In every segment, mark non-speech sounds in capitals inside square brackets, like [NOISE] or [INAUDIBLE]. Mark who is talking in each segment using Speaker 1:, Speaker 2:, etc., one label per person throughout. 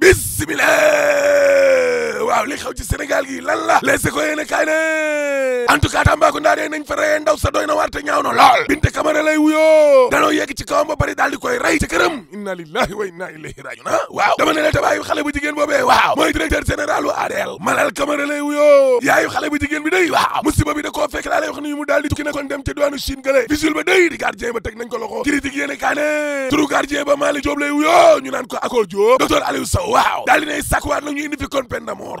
Speaker 1: bismillah waaw li xew ci Sénégal gi lan la les ko yéen a kaay ne en tout cas Tambacounda dee nañ fa reyee ndaw sa doy na warte ñaaw na lool Binta Kamara lay wuyoo danoo yegg ci kawam bari daal koy rey ci këram inna lillahi wa inna ilayhi rajiun ah, waaw dama tabaayu xale jigéen boobee waaw mooy directeur général u ADL Malal Kamara lay wuyoo yaayu xale jigéen bi day waaw musiba bi da koo fekk laa lay wax ni mu kon dem ca diwaanu Chine gële a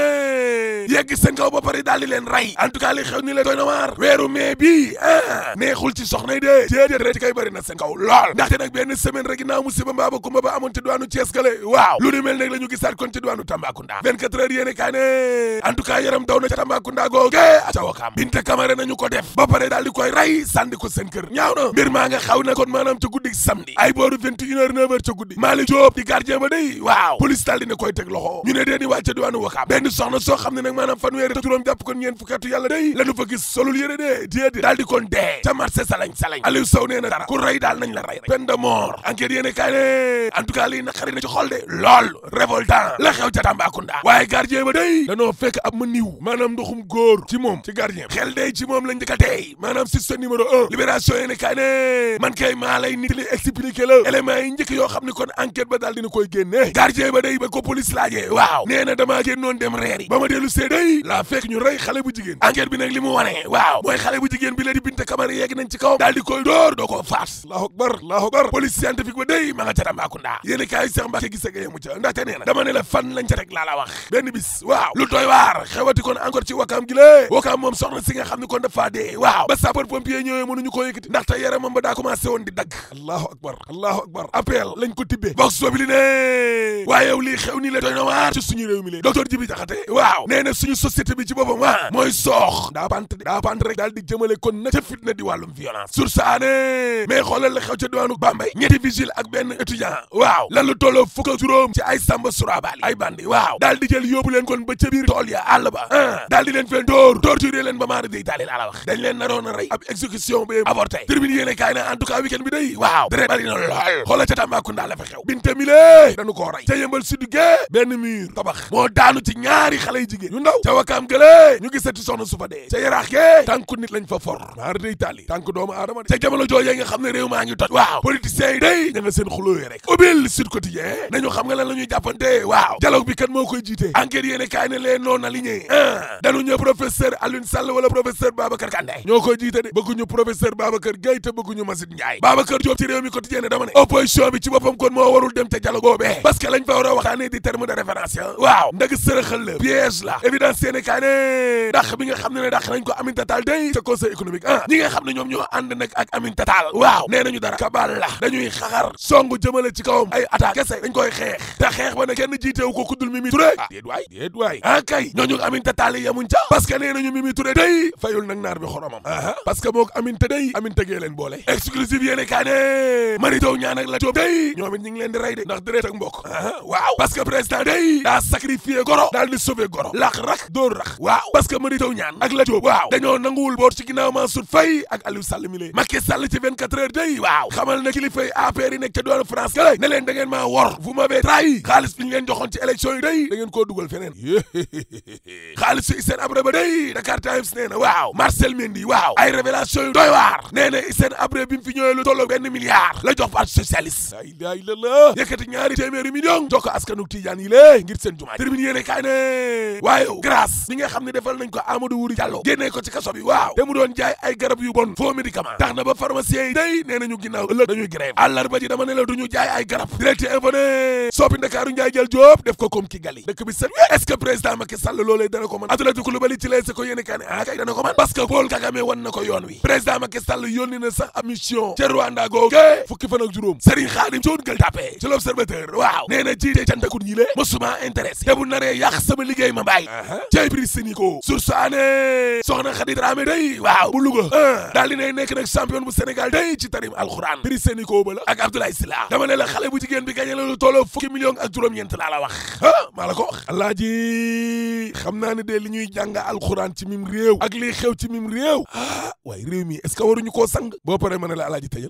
Speaker 1: de yegg seen kaw ba pare daal di leen rey en tout xew ni la doy na waar weeru mai bi ah neexul ci soxna yi de déedéet rek kay bëri na seen kaw lool ndaxte nag benn semaine rek ginnaaw musiba mbaaba kumba ba amoon ci diwaanu Thiès waaw lu ni mel nag la ñu gisaat kon ci diwaanu Tambacounda 24 heures a ca wakaam Binta Kamara nañu ko def ba pare di koy rey sànni ko seen kër na mbir maa nga xaw na kon maanaam ca guddi samedi ay booru 21 heures soxna soo xam ne nag maanaam fanweeri juróom jàpp kon ñeen fukkeetu yàlla day lañu fa gis solul yére dee déedéet daal di kon dee ca marché salañ salañ Aliou Sow nee na dara ku rey daal nañ la rey peine de mort enquête yéene kaay ne en tout cas lii naqari na ci xol de lool révoltant la xew ca Tambacounda waaye gardien ba day dañoo fekk ab ma niw maanaam ndoxum goor ci moom ci gardien xel day ci moom lañ njëkk a tey maanaam système numéro un libération yéene kaay man kay maa nit yoo xam ne kon enquête ba daal koy génne gardien reer yi ba ma dellu see day laa fekk ñu rey xale bu jigéen enquête bi nag li mu wane waaw mooy xale jigéen bi di Binta Kamara yegg nañ ci kawam daal di koy door doo ko faas allahu akbar police scientifique ba day ma nga ca Tambacounda yéen kaay Cheikh Mbacke gis nga yemu ca ndaxte nee dama ne la fan lañ ca rek laa la wax benn waaw lu doy waar xewati kon encore ci wakkaam gi lée wakkaam moom soxna si nga xam ne kon dafa dee waaw ba sapeur pompier Diakhaté waaw nee na suñu société bi ci boppam ah mooy soox daa bant daa bant rek daal di jëmale kon nag ca fitna di wàllum violence sur saane la xew ca diwaanu Bambey ñetti vigile benn étudiant waaw lan lu tolloo juróom ci ay samba surabaali ay bandi waaw daal di jël yóbbu kon ba ca biir ya àll ba ah daal di leen fee dóor torturé leen ba maara day taaleel ala wax dañ leen rey ab exécution bi avorté terminé yéene kaay na en tout cas bi day waaw dara bari ñaari xale yu jigéen ñu ndaw ca wakaam gëlee ñu gisati soxna su fa dee ca yaraax nit lañ fa for maar day taali tànku doomu aadama ca jamono joojee nga xam ne réew maa ngi toj waaw politiciens yi day ña nga seen rek ubbil Sud Quotidien nañu xam nga lan la ñuy jàppante waaw dialogue bi kan moo koy jiite enquête yéene ne leen noon aligné ah dañu ñëw professeur Alioune Sall wala professeur Babacar Kandé ñoo koy jiite de bëgguñu professeur Babacar Gueye te vol la piège la évidence seeni kaay xam ne ne dàq ko Aminata Tall day ca conseil économique ah ñi xam ne ñoom ñoo ànd nag ak Aminata Tall waaw nee nañu dara kabal la dañuy xaxar songu jëmale ci kawam ay attaque kese dañ koy xeex te xeex ba ne kenn jiitewu ko kuddul Mimi Touré ah ah kay ñooñu Aminata Tall yamuñ ca parce que nee nañu Mimi Touré day fayul nag naar bi xoromam aa ah, ah. parce que mook day Aminata gee boole exclusive yéene kaay mari dow di sauver goro laax rak dóor rax waaw parce que Mary Teuw Niane ak Lat Diop waaw dañoo nanguwul boor ci ginnaaw Mansour Faye ak Aliou Sall mi lée Macky Sall ci day waaw xamal na kilifay APR yi nekk ca doon France kale leen da ngeen wor vous m'avez trahi xaalis bi [LAUGHS] million jox ko askanuk Tidiane yi lée ngir seen jumaa terminé yéene waaye grâce bi nga xam ne defal nañ ko Amadou Wuri Diallo génnee ko ci kaso bi waaw te mu doon jaay ay garab yu bon faux médicament tax na ba pharmacien yi day nee nañu ginnaaw ëllëg dañuy grève àllarba ji dama ne la duñu jaay ay garab directe infone soppi ndakaaru njaay jël joob def ko comme gali dëkk bi set est que président Macky Sall loolee dana ko mën Abdoulaye Coulibaly ci lay sa ko yéene kaa ne ah kay dana ko mën parce Paul Kagame wan na ko yoon sama liggéey ma bàyyi cey prix Sénico source année na Khady Dramé day waaw bu Louga ah. Ah. daal dinay nekk nag champion bu Sénégal day ci tarim al prix Sénico ba la ak Abdoulaye Sylla dama ne la xale bu jigéen bi gagné la lu tolloo fukki million ak juróom-ñeent la wax ah la ko wax alaaji xam naa ne de li ñuy jàng alxuraan ci mim réew ak liy ci mim réew ah waaye réew mi est-ce que waruñu koo sang boo paree ma ne la alaaji tëjal